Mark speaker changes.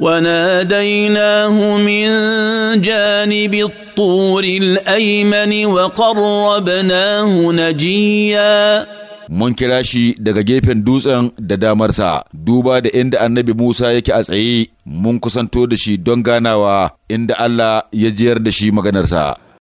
Speaker 1: وناديناه من جانب الطور الأيمن وقربناه نجيا
Speaker 2: mun kira
Speaker 3: shi daga gefen dutsen da damarsa duba da inda annabi Musa yake a tsaye mun kusanto da shi don ganawa inda Allah ya jiyar da shi maganarsa.